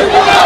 Hey!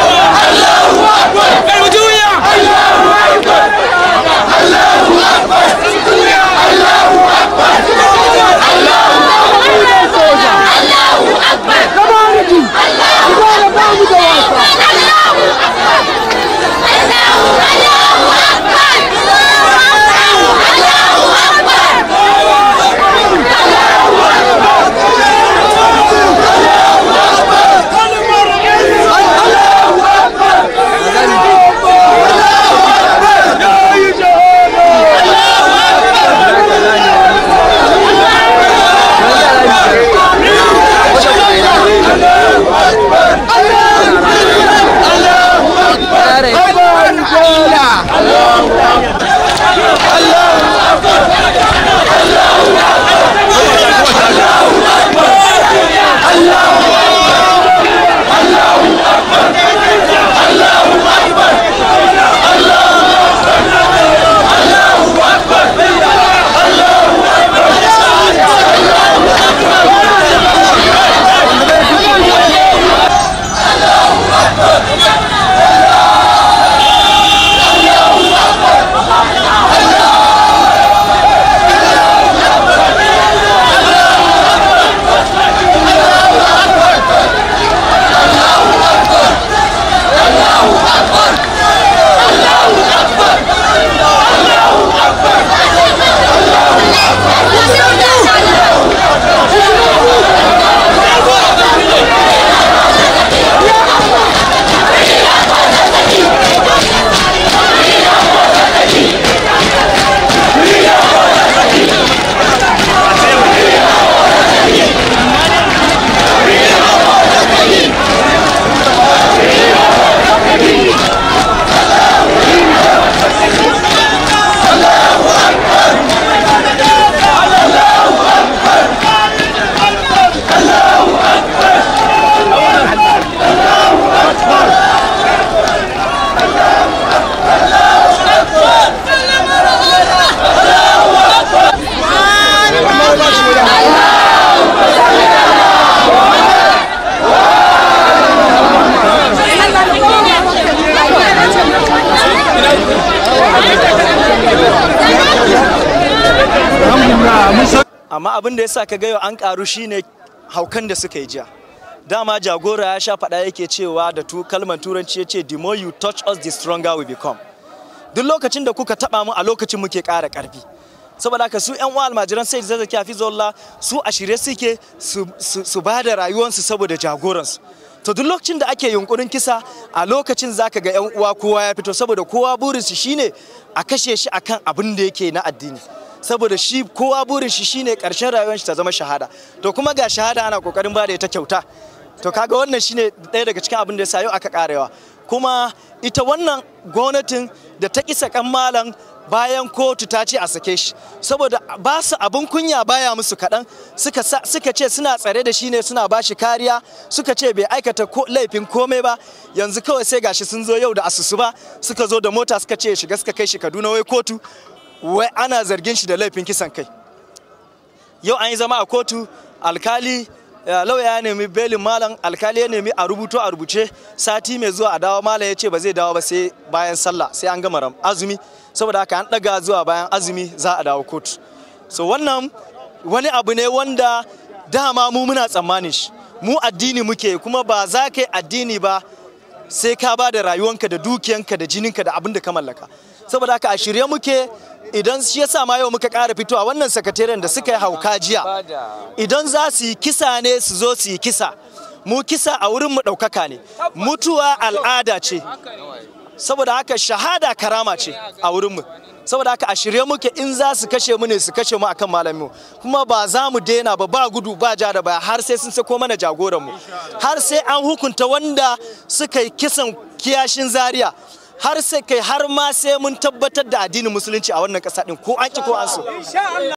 Allah! Allah! amma abin da yasa ka ga yau an karu shine haukan da suka yi jiya dama jagora ya sha faɗa yake cewa da tu kalmar turanci ya ce the more you touch us the stronger we become duk lokacin da kuka taba mu a lokacin muke kara karfi saboda haka su 'yan uwa almajiran sai zazzaki hafizullah su a shirye suke su ba da rayuwarsu saboda jagoransu to duk lokacin da ake yunkurin kisa a lokacin zaka ga 'yan uwa kowa ya fito saboda kowa burinsu shine a kashe shi akan abin da yake na addini saboda shi kowa burin shi shine karshen rayuwar shi ta zama shahada to kuma ga shahada ana kokarin ba da ita kyauta to kaga wannan shine ɗaya daga cikin abin da sa yau aka karewa kuma ita wannan gwamnatin da ta isa kan malam bayan kotu ta ce a sake shi saboda ba su abin kunya baya musu kaɗan suka ce suna tsare da shi ne suna ba shi kariya suka ce bai aikata laifin komai ba yanzu kawai sai gashi sun zo yau da asusu ba suka zo da mota suka ce shiga suka kai shi kaduna wai kotu wai ana zargin shi da laifin kisan kai yau an yi zama a kotu alkali eh, lauya ya nemi belin malam alkali ya nemi a rubuto a rubuce sati mai zuwa a dawo malam ya ce ba zai dawo ba sai bayan sallah sai an gama azumi saboda haka an daga zuwa bayan azumi za a dawo kotu so wannan wani abu ne wanda dama mu muna tsammanin shi mu addini muke kuma ba za ka yi addini ba sai ka ba da rayuwanka da dukiyanka da jininka da abin da ka mallaka saboda haka a shirye muke idan shi yasa ma yau muka ƙara fitowa wannan sakataren da suka yi hauka jiya idan za su yi kisa ne su zo su yi kisa mu kisa a wurin mu ɗaukaka ne mutuwa al'ada ce saboda haka shahada karama ce a wurin mu saboda haka a shirye muke in za su kashe mu ne su kashe mu akan malamin kuma ba za mu daina ba ba gudu ba ja da baya har sai sun sako mana jagoran mu har sai an hukunta wanda suka yi kisan kiyashin Zariya. har sai kai har ma sai mun tabbatar da addinin musulunci a wannan ƙasa din ko an ki ko an so